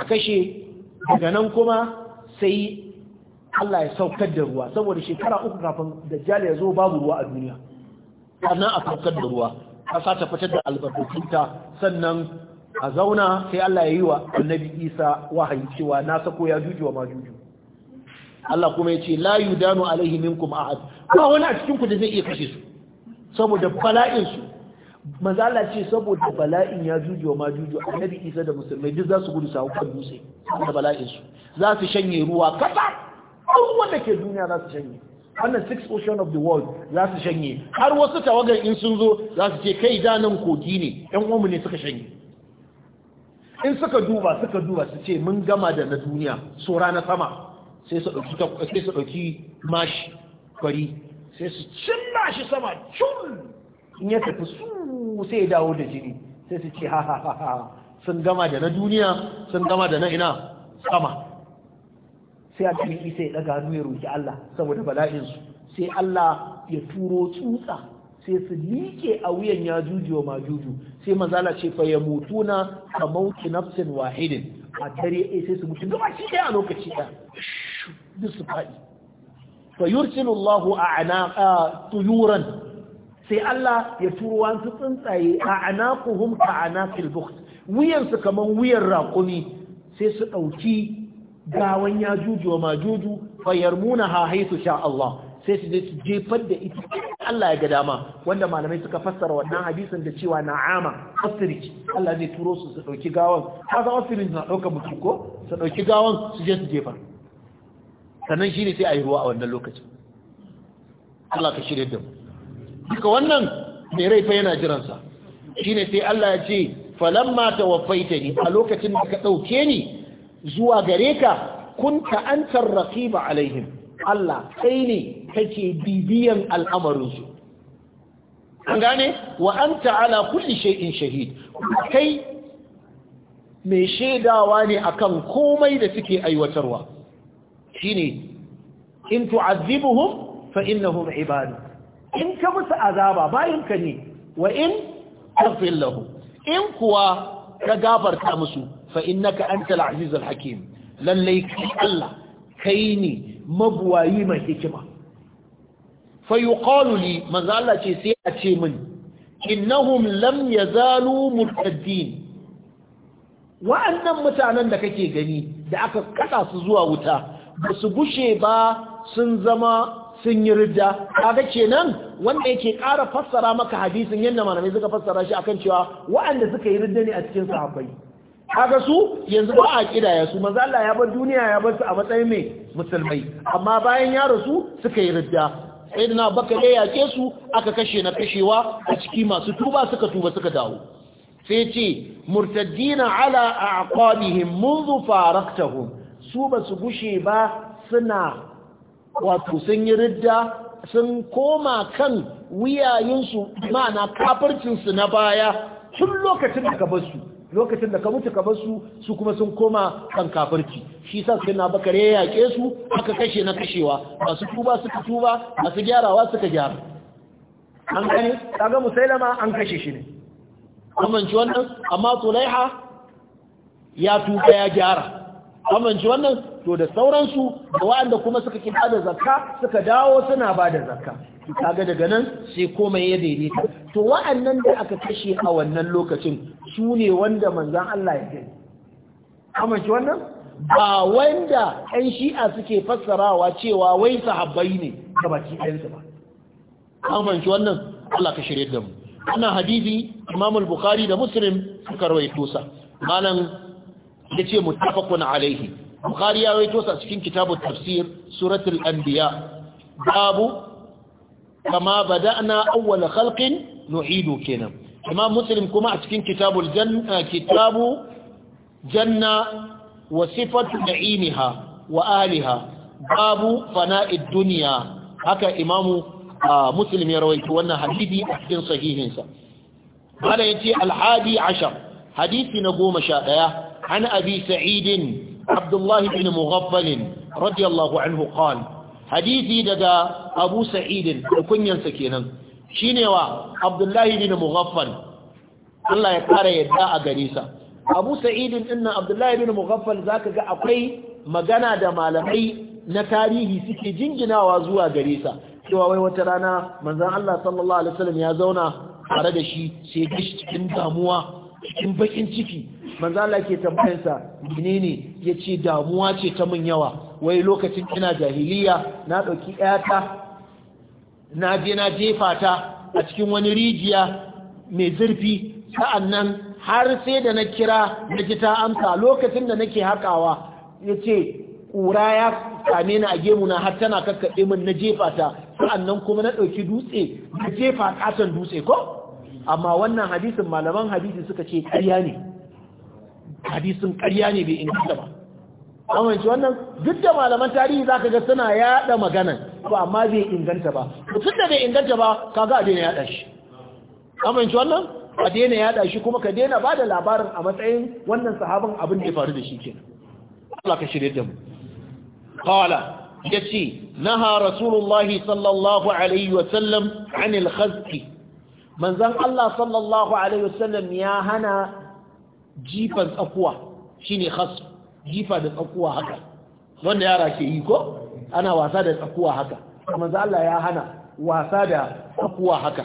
Speaker 1: a kashe daga nan kuma sai Allah ya saukar da ruwa saboda shekara uku kafin dajjal ya zo babu ruwa a duniya sannan a saukar da ruwa kasa ta fitar da albarkatunta sannan a zauna sai Allah ya yi wa annabi Isa wahayi cewa na sako ya jujuwa ma juju Allah kuma ya ce la yudanu alaihi minkum ahad ba wani a cikin ku da zai iya kashe su saboda bala'in su manzo Allah ce saboda bala'in ya jujuwa ma juju annabi Isa da musulmai duk za su gudu sa kan dutse saboda bala'in su za su shanye ruwa kasa abubuwan da ke duniya za su shanye wannan six ocean of the world za su shanye har wasu tawagar in sun zo za su ce kai danin nan kogi ne yan uwanmu ne suka shanye in suka duba suka duba su ce mun gama da na duniya tsora na sama sai su ɗauki mashi kwari sai su cin shi sama cun in ya tafi su sai ya dawo da jini sai su ce ha ha ha sun gama da na duniya sun gama da na ina sama sai annabi isa ya daga hannu ya roki Allah saboda bala'in su sai Allah ya turo tsutsa sai su liƙe a wuyan ya juju wa majuju sai manzala ce fa ya mutuna ka mauki nafsin wahidin a dare sai su mutu gaba shi ɗaya a lokaci ɗaya duk su faɗi fa yursilu Allahu ana tuyuran sai Allah ya turo wa su tsuntsaye a'anaquhum ka anaqil bukht wuyan su kaman wuyan raƙumi sai su ɗauki gawan ya juju wa majuju fayarmuna ha haisu sha Allah sai su je jefar da ita Allah ya ga dama wanda malamai suka fassara wannan hadisin da cewa na'ama asiriki Allah zai turo su su dauki gawan kaza asirin na dauka mutum ko su dauki gawan su je su jefa sannan shine sai ayi ruwa a wannan lokacin Allah ka shirye da mu duka wannan mai rai fa yana jiran sa shine sai Allah ya ce falamma tawaffaitani a lokacin da ka dauke ni zuwa gare ka kunta rakiba raqiba alaihim Allah kai ne kake bibiyan al'amarinsu an gane wa anta ala kulli shay'in shahid kai mai shaidawa ne akan komai da suke aiwatarwa shine in tu'azzibuhum fa innahum ibadu in ka musu azaba bayan ka ne wa in taghfir in kuwa ka gafarta musu fa innaka antal azizul hakim lallai kai Allah kai ne mabuwayi mai hikima fa yuqalu li ce sai a ce min innahum lam yazalu murtaddin wa'annan mutanen da kake gani da aka kada su zuwa wuta ba su gushe ba sun zama sun yi ridda kaga kenan wanda yake ƙara fassara maka hadisin yadda malamai suka fassara shi akan cewa wa'anda suka yi ridda ne a cikin sahabbai kaga su yanzu ba a kidaya su manzo Allah ya bar duniya ya bar su a matsayin mai musulmai amma bayan ya rasu suka yi ridda na baka ya yake su aka kashe na kashewa a ciki masu tuba suka tuba suka dawo sai ce murtaddina ala aqabihim منذ faraktahum su ba su gushe ba suna wato sun yi ridda sun koma kan wuyayinsu ma'ana kafircinsu na baya tun lokacin da ka bar su. lokacin da ka mutu ka bar su su kuma sun koma kan kafirci shi sa sai na bakare ya yake su aka kashe na kashewa masu tuba suka tuba masu gyarawa suka gyara an gani kaga musailama an kashe shi ne amince wannan amma tulaiha ya tuba ya gyara amince wannan to da sauransu da wa'anda kuma suka ki bada zakka suka dawo suna bada zakka kaga daga nan sai komai ya daidaita to wa'annan da aka kashe a wannan lokacin su ne wanda manzon Allah ya gani shi wannan ba wanda ɗan shi'a suke fassarawa cewa wai sahabbai ne ga baki ɗayansu ba shi wannan Allah ka shirye da mu Ana hadisi Imam al-Bukhari da Muslim suka rawaito sa malam yace muttafaqun alaihi bukhari ya waito sa cikin kitabu tafsir suratul anbiya babu kama bada'na awwal khalqin nu'idu kenan imam muslim kuma a cikin kitabul janna eh, kitabu janna wa sifatu da'iniha wa aliha babu fana'id dunya haka imamu eh, muslim ya rawaito wannan hadisi a cikin sahihinsa bala yace al-hadi ashar hadisi na 11 an abi sa'idin عبد الله بن مغفل رضي الله عنه قال حديثي دغا ابو سعيد كنين سكينن شينيوا عبد الله بن مغفل الله يقرا يدا اغريسا ابو سعيد ان عبد الله بن مغفل ذاك غا اكوي magana da malamai na tarihi suke jinjinawa zuwa garisa cewa wai wata rana manzan Allah sallallahu ya zauna tare da shi sai gishi cikin damuwa cikin bakin ciki manzo Allah ke tambayarsa menene yace damuwa ce ta mun yawa wai lokacin ina jahiliya na dauki ƴata na je na jefa ta a cikin wani rijiya mai zurfi sa'annan har sai da na kira na ta amsa lokacin da nake hakawa yace ƙura ya same ni a gemu na har tana kakkade min na jefa ta sa'annan kuma na ɗauki dutse na jefa katon dutse ko amma wannan hadisin malaman hadisi suka ce ƙarya ne hadisin ƙarya ne bai inganta ba amince wannan duk da malaman tarihi za ka ga suna yaɗa maganan. to amma bai inganta ba tun da bai inganta ba kaga a daina yaɗa shi amince wannan a daina yada shi kuma ka daina ba da labarin a matsayin wannan sahabin abin da ya faru da shi kenan Allah ka shirye da mu qala yace naha rasulullahi sallallahu alaihi wa sallam anil khazfi manzon Allah sallallahu alaihi wa sallam ya hana jifan tsakuwa shine khas jifa da tsakuwa haka wanda yara ke yi ko ana wasa da tsakuwa haka za Allah ya hana wasa da tsakuwa haka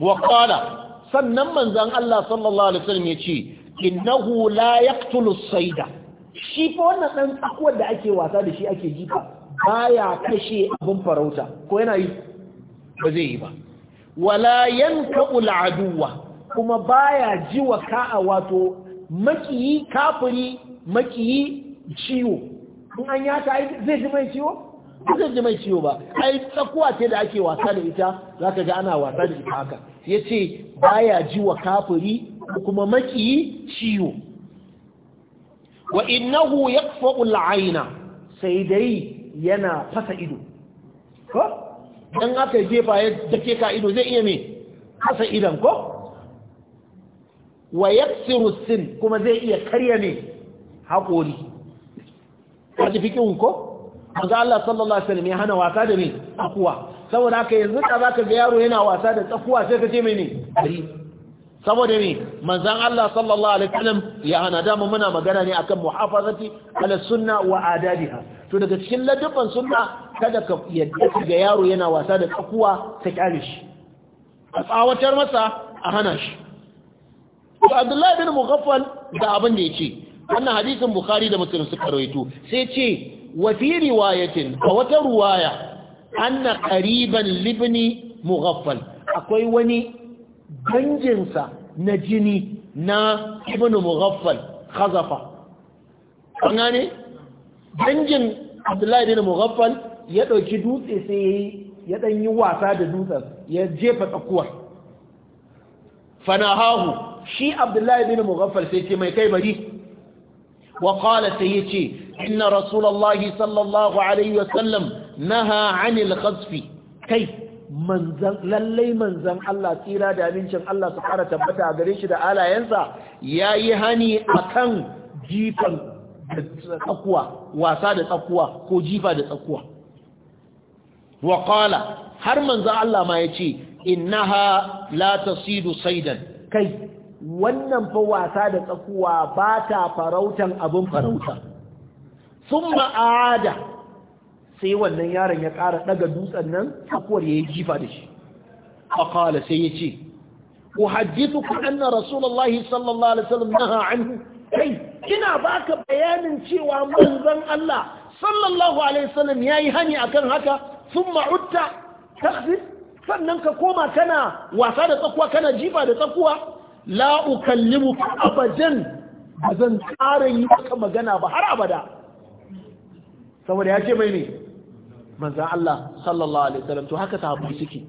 Speaker 1: wa qala sannan manzon Allah sallallahu alaihi wasallam yace innahu la yaqtulu sayda shi fa wannan dan tsakuwar da ake wasa da shi ake jifa baya kashe abin farauta ko yana yi ba zai yi ba wala yankabu al-aduwa kuma baya ji wa ka'a wato makiyi kafiri makiyi ciwo in an ya zai ji mai ciwo ba zai ji mai ciwo ba ai tsakuwa ce da ake wasa da ita zaka ga ana wasa da ita haka yace baya ji wa kafiri kuma makiyi ciwo wa innahu yaqfa'u al-ayna sai dai yana fasa ido ko dan aka jefa ya dake ka ido zai iya me fasa idan ko wa yaksiru sin kuma zai iya karya ne haƙori kaji fikin ko manzo Allah sallallahu alaihi wasallam ya hana wasa da me tsakuwa saboda haka yanzu da ka ga yaro yana wasa da tsakuwa sai ka ce me ne bari saboda ne, manzan Allah sallallahu alaihi wasallam ya hana dama muna magana ne akan muhafazati ala sunna wa adabiha to daga cikin ladabban sunna kada ka yadda ga yaro yana wasa da tsakuwa ta kyale shi a tsawatar masa a hana shi to abdullahi bin mughaffal da abin da yake wannan hadisin bukhari da muslim suka rawaito sai ce wa fi riwayatin a wata ruwaya anna qariban libni mughaffal akwai wani ganginsa na jini na ibnu mughaffal khazafa an gane dangin abdullahi bin mughaffal ya dauki dutse sai ya dan yi wasa da dutsen ya jefa tsakuwar fanahahu shi abdullahi bin mughaffal sai ce mai kai bari wa qala sai yace inna rasulullahi sallallahu alaihi wasallam naha anil khasfi kai manzan lallai manzan Allah tsira da amincin Allah su fara tabbata a gare shi da alayensa yayi hani akan jifan tsakuwa wasa da tsakuwa ko jifa da tsakuwa wa qala har manzan Allah ma yace innaha la tasidu saidan kai wannan fa wasa da tsakuwa ba ta farautan abin farauta sun ma'ada sai wannan yaron ya ƙara ɗaga dutsen nan tsakuwar ya yi jifa da shi faƙala sai ya ce ku hajjitu ku anna rasulullahi sallallahu alaihi wasallam naha anhu kai ina baka bayanin cewa manzon Allah sallallahu alaihi wasallam yayi hani akan haka thumma utta takhfif sannan ka koma kana wasa da tsakuwa kana jifa da tsakuwa la ukallimuka abadan ba zan ƙara yi maka magana ba har abada saboda ya ce mai ne manzan Allah sallallahu alaihi wasallam to haka sahabbai suke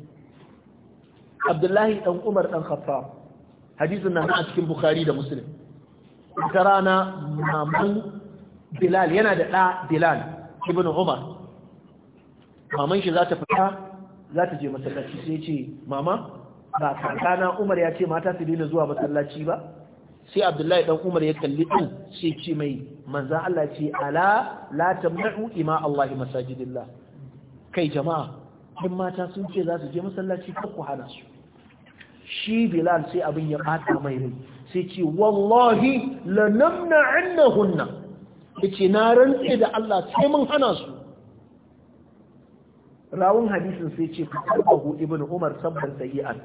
Speaker 1: Abdullahi Ɗan Umar ɗan Khattab hadisin nan a cikin Bukhari da Muslim ta rana maman Bilal yana da ɗa Bilal ibn Umar maman shi za ta fita za ta je masallaci sai ce mama ba kakana umar ya ce mata su daina zuwa masallaci ba sai abdullahi dan umar ya kalli din sai ce mai manzan Allah ce ala la tamna'u ima Allah masajidillah kai jama'a in mata sun ce za su je masallaci kar ku hana su shi bilal sai abin ya bata mai rai sai ce wallahi la namna'annahunna yace na rantse da Allah sai mun hana su rawun hadisin sai ce abu ibn umar sabban sayi'an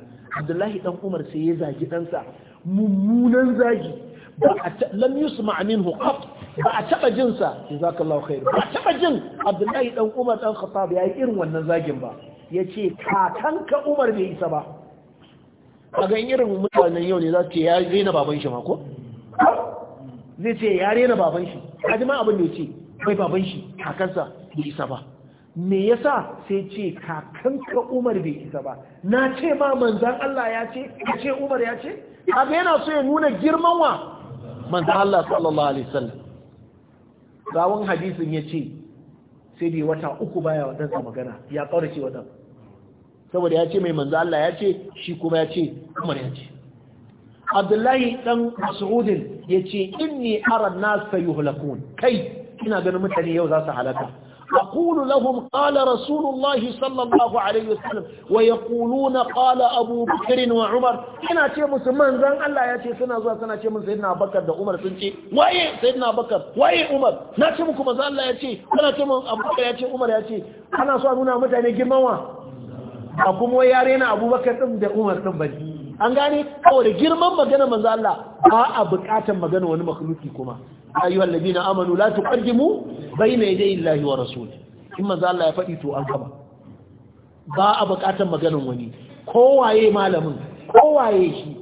Speaker 1: abdullahi dan umar sai ya zagi ɗansa mummunan zagi ba a lam yusma minhu qat ba a taba jin sa jazakallahu khair ba a taba jin abdullahi dan umar dan khattab yayi irin wannan zagin ba yace kakanka umar bai isa ba kaga irin mutanen yau ne za su ce ya rena baban shi ma ko zai ce ya rena baban shi kaji ma abin da yace bai baban shi kakansa bai isa ba me yasa sai ce kakan ka umar bai isa ba na ce ma manzan Allah ya ce ka ce umar ya ce abu yana so ya nuna girman wa manzan Allah sallallahu alaihi wasallam rawun hadisin ya ce sai dai wata uku baya wa ɗansa magana ya ƙaurace wa ɗan saboda ya ce mai manzan Allah ya ce shi kuma ya ce umar ya ce abdullahi ɗan mas'udin ya ce Ara aran nas sayuhlakun kai ina ganin mutane yau za su halaka أقول لهم قال رسول الله صلى الله عليه وسلم ويقولون قال ابو بكر وعمر أنا أتي مسلمان زن الله يأتي سنة زوى سنة أتي من سيدنا بكر ده سنتي وأي سيدنا بكر وأي عمر نأتي مكم زن الله يأتي ya أتي من أبو بكر يأتي عمر يأتي أنا صابنا متعني جمعوا أقوم yare na بكر din da Umar din ba. an gane kawai da girman magana manzo Allah ba a bukatan magana wani makhluki kuma ayyuha alladhina amanu la tuqaddimu bayna yaday illahi wa rasuli in manzo Allah ya faɗi to an gama ba a buƙatar maganar wani kowaye malamin kowaye shi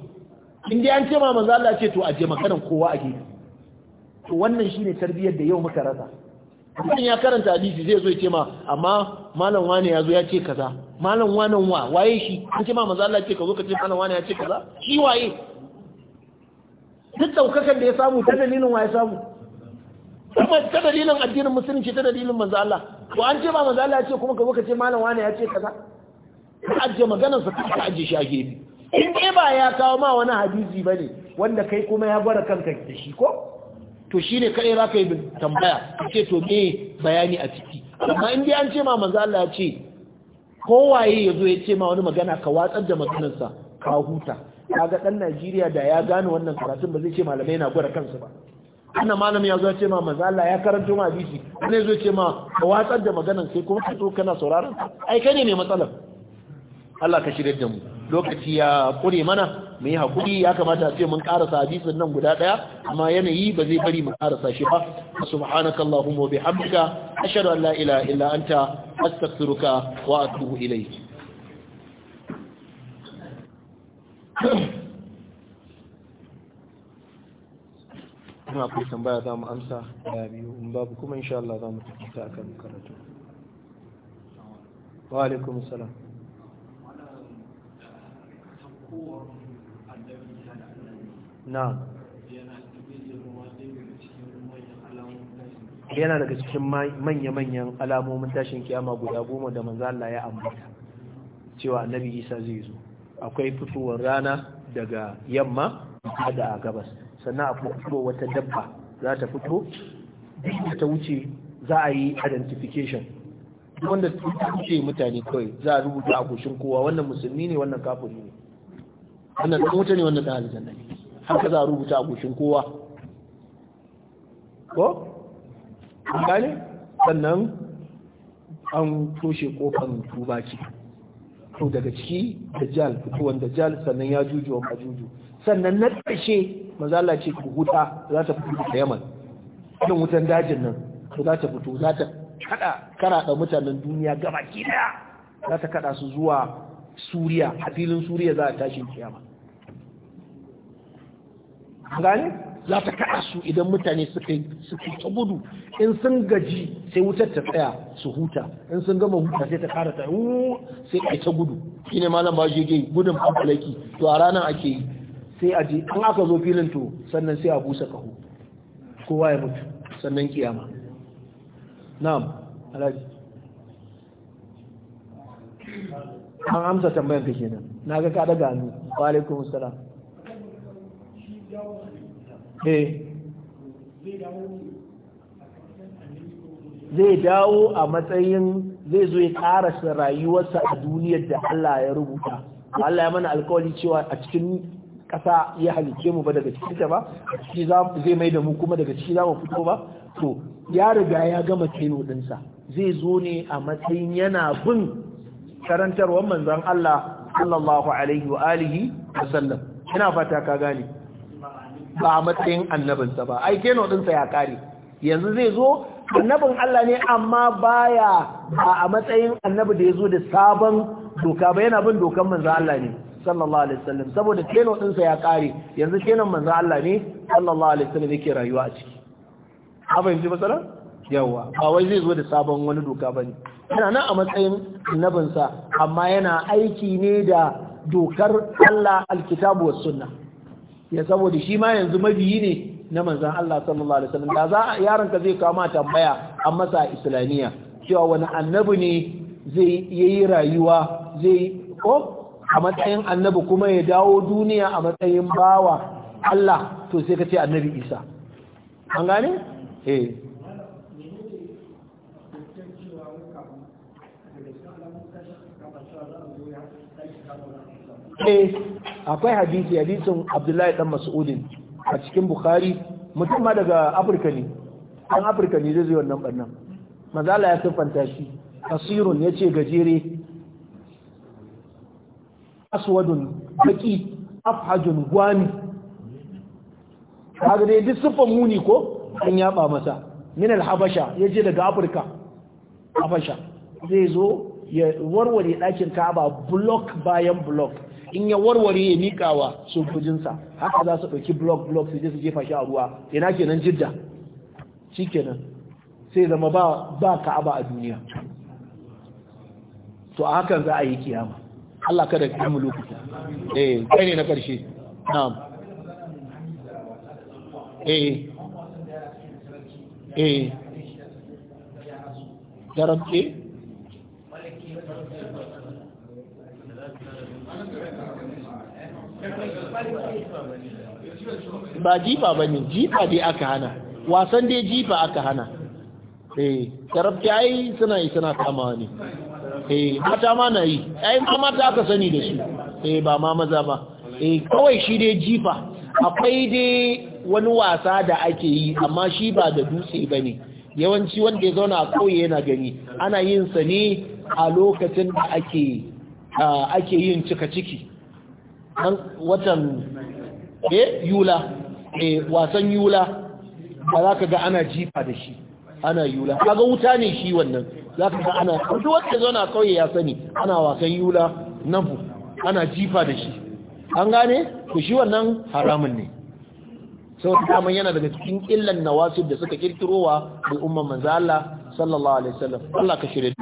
Speaker 1: in dai an ce ma manzo Allah ce to a je kowa a gefe to wannan shine tarbiyyar da yau muka rasa idan ya karanta hadisi zai zo ya ce ma amma malam wani ya zo ya ce kaza malam wanan wa waye shi an ce ma manzo Allah ce ka zo ka ce malam wani ya ce kaza shi waye duk daukakar da ya samu ta dalilin wa ya samu kuma ta dalilin addinin musulunci ta dalilin manzo Allah ko an ce ba manzo Allah ya ce kuma ka zo ka ce malam wani ya ce kaza ka ajiye maganar sa ka ajiye shi a gefe in dai ba ya kawo ma wani hadisi bane wanda kai kuma ya bara kanka da shi ko to shine kai za ka yi tambaya ce to me bayani a ciki amma in dai an ce ma manzo Allah ya ce kowaye ya zo ya ce ma wani magana ka watsar da maganarsa ka huta Ya ga ɗan Najeriya da ya gane wannan karatun ba zai ce malamai na gwada kansu ba wannan malam ya zo ce ma mazala ya karanto ma Bisi. wani zo ce ma ka watsar da maganan sai kuma ka so kana sauraron ai kai ne mai matsalar Allah ka shirya da mu lokaci ya kure mana mu yi hakuri ya kamata a ce mun karasa hadisin nan guda ɗaya, amma yanayi ba zai bari mu karasa shi ba subhanaka allahumma wa bihamdika ashhadu an la ilaha illa anta astaghfiruka wa atubu ilayk kuma akwai tambaya za mu amsa da biyu in babu kuma insha Allah za mu tafi a kan karatu wa alaikum salam na yana daga cikin manya-manyan alamomin tashin kiyama guda goma da manzala ya ambata cewa annabi Isa zai zo akwai fitowar rana daga yamma da a gabas sannan a fito wata dabba za ta fito ta wuce za a yi identification wanda ta wuce mutane kawai za a rubuta a goshin kowa wannan musulmi ne wannan kafuri ne wannan dan wuta ne wannan dan aljanna ne haka za a rubuta a goshin kowa ko an gane sannan an toshe kofan tubaci to daga ciki da dajjal wanda jal sannan ya juju wa majuju sannan na ƙarshe mazala ce ku huta za ta fito da yaman irin wutan dajin nan to za ta fito za ta kada karaɗa mutanen duniya gaba daya za ta kada su zuwa suriya a filin suriya za a tashi kiyama za ta kaɗa su idan mutane suka yi ta gudu in sun gaji sai wutar ta tsaya su huta in sun gama huta sai ta kara ta sai a ta gudu shi ne malam bashi gai gudun amfalaki to a ranar ake yi sai a je an aka zo filin to sannan sai a busa kaho kowa ya mutu sannan kiyama na'am alhaji an amsa tambayar ka kenan na ga ka daga hannu wa alaikum salam Eh. zai dawo a matsayin zai zo ya karasa rayuwarsa a duniyar da Allah ya rubuta Allah ya mana alkawari cewa a cikin ƙasa ya halice mu ba daga cikin ta ba ciki zai mai da mu kuma daga ciki za mu fito ba to ya riga ya gama keno ɗinsa zai zo ne a matsayin yana bin karantarwar manzon Allah sallallahu alaihi wa alihi wa sallam ina fata ka gane ba matsayin annabinsa ba ai keno ɗinsa ya kare yanzu zai zo annabin Allah ne amma baya ba a matsayin annabi da ya zo da sabon doka ba yana bin dokan manzo Allah ne sallallahu alaihi wasallam saboda keno ɗinsa ya kare yanzu kenan manzo Allah ne sallallahu alaihi wasallam yake rayuwa a ciki a fahimci matsala yawa ba wai zai zo da sabon wani doka bane yana nan a matsayin annabinsa amma yana aiki ne da dokar Allah alkitabu was sunna ya saboda shi ma yanzu mabiyi ne na manzan Allah sallallahu alaihi wasallam da za yaron ka zai kama tambaya an masa islamiyya cewa wani annabi ne zai yi rayuwa zai ko a matsayin annabi kuma ya dawo duniya a matsayin bawa Allah to sai ka ce annabi Isa an gane eh eh akwai hadisi hadisin abdullahi dan mas'udin a cikin bukhari mutum ma daga afirka ne dan afirka ne zai wannan bannan mazala ya siffanta shi kasirun yace gajere aswadun baki afhajun gwani kaga dai duk siffan muni ko an yaba masa min al-habasha yaje daga afirka habasha zai zo ya warware ɗakin ka'aba block bayan block in ya warware ya mika wa sojojinsa haka za su ɗauki blok blok su je su jefa shi a ruwa ina kenan jidda shi kenan sai zama ba ba ka'aba a duniya to a hakan za a yi kiyama Allah kada ka mu lokaci. eh kai ne na karshe na'am eh eh eh. ba jifa ba ne jifa dai aka hana wasan dai jifa aka hana eh suna yi suna kamawa ne eh mata ma na yi ai ma mata aka sani da su eh ba ma maza ba eh kawai shi dai jifa akwai dai wani wasa da ake yi amma shi ba da dutse ba ne yawanci wanda ya zauna a kauye yana gani ana yin sa ne a lokacin da ake ake yin cika ciki watan eh yula eh wasan yula ba za ka ga ana jifa da shi ana yula kaga wuta ne shi wannan za ka ga ana duk wanda zauna kawai ya sani ana wasan yula bu. ana jifa da shi an gane ku shi wannan haramun ne sau da kaman yana daga cikin illan wasu da suka kirkirowa al'umman manzo Allah sallallahu alaihi wasallam Allah ka shirye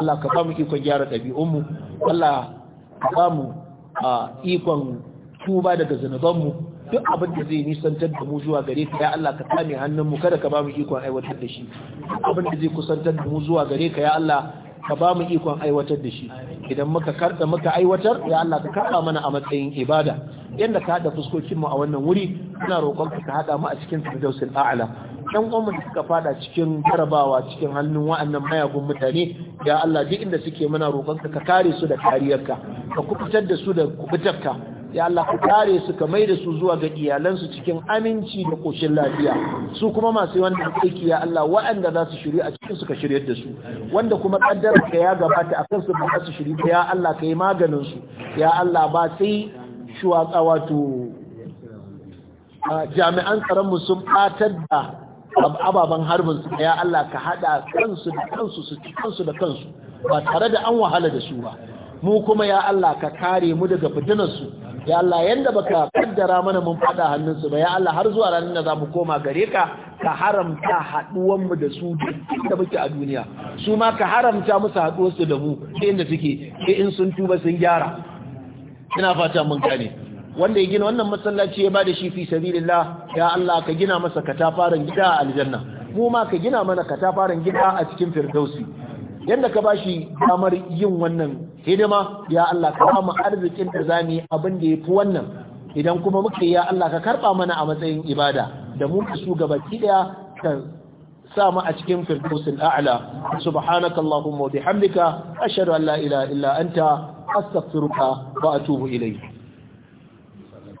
Speaker 1: Allah ka ba mu ikon gyara ɗabi'unmu Allah ka ba mu A ikon tuba daga zanubanmu duk abin da zai nisantar da mu zuwa gare ka ya Allah ka kame hannunmu kada ka ba mu ikon aiwatar da shi Duk abin da zai kusantar da mu zuwa gare ka ya Allah ka ba mu ikon aiwatar da shi idan muka karda muka aiwatar ya Allah ka karba mana a matsayin ibada yanda ka haɗa fuskokinmu a wannan wuri ina roƙon ka haɗa mu a cikin firdausul a'la ɗan uwanmu da suka fada cikin jarabawa cikin hannun wa'annan mayagun mutane ya Allah duk inda suke muna roƙonka ka kare su da kariyarka ka kubutar da su da kubutarka ya Allah ka kare su ka mai da su zuwa ga iyalansu cikin aminci da ƙoshin lafiya su kuma masu wannan aiki ya Allah wa'anda za su shirya a cikin su ka shiryar da su wanda kuma kaddara ka ya gabata akan su ba su shirya ya Allah ka yi maganin su ya Allah ba sai shuwa wato jami'an tsaron mu sun batar da ababen harbin su ya Allah ka hada kansu da kansu su ci kansu da kansu ba tare da an wahala da su ba mu kuma ya Allah ka kare mu daga fitinar su ya Allah yanda baka kaddara mana mun fada hannun su ba ya Allah har zuwa ranar da za mu koma gare ka ka haramta haduwan mu da su da muke a duniya su ma ka haramta musu haduwar su da mu sai inda suke sai in sun tuba sun gyara ina fata mun gane wanda ya gina wannan masallaci ya da shi fi sabilillah ya Allah ka gina masa katafaren gida a aljanna mu ma ka gina mana katafaren gida a cikin firdausi yanda ka bashi damar yin wannan hidima ya Allah ka ba mu arzikin da zamu abin da yafi wannan idan kuma muke ya Allah ka karba mana a matsayin ibada da mu su gabaki daya ka sa mu a cikin firdausin a'la subhanakallahumma wa bihamdika ashhadu an la ilaha illa anta astaghfiruka wa atubu ilayk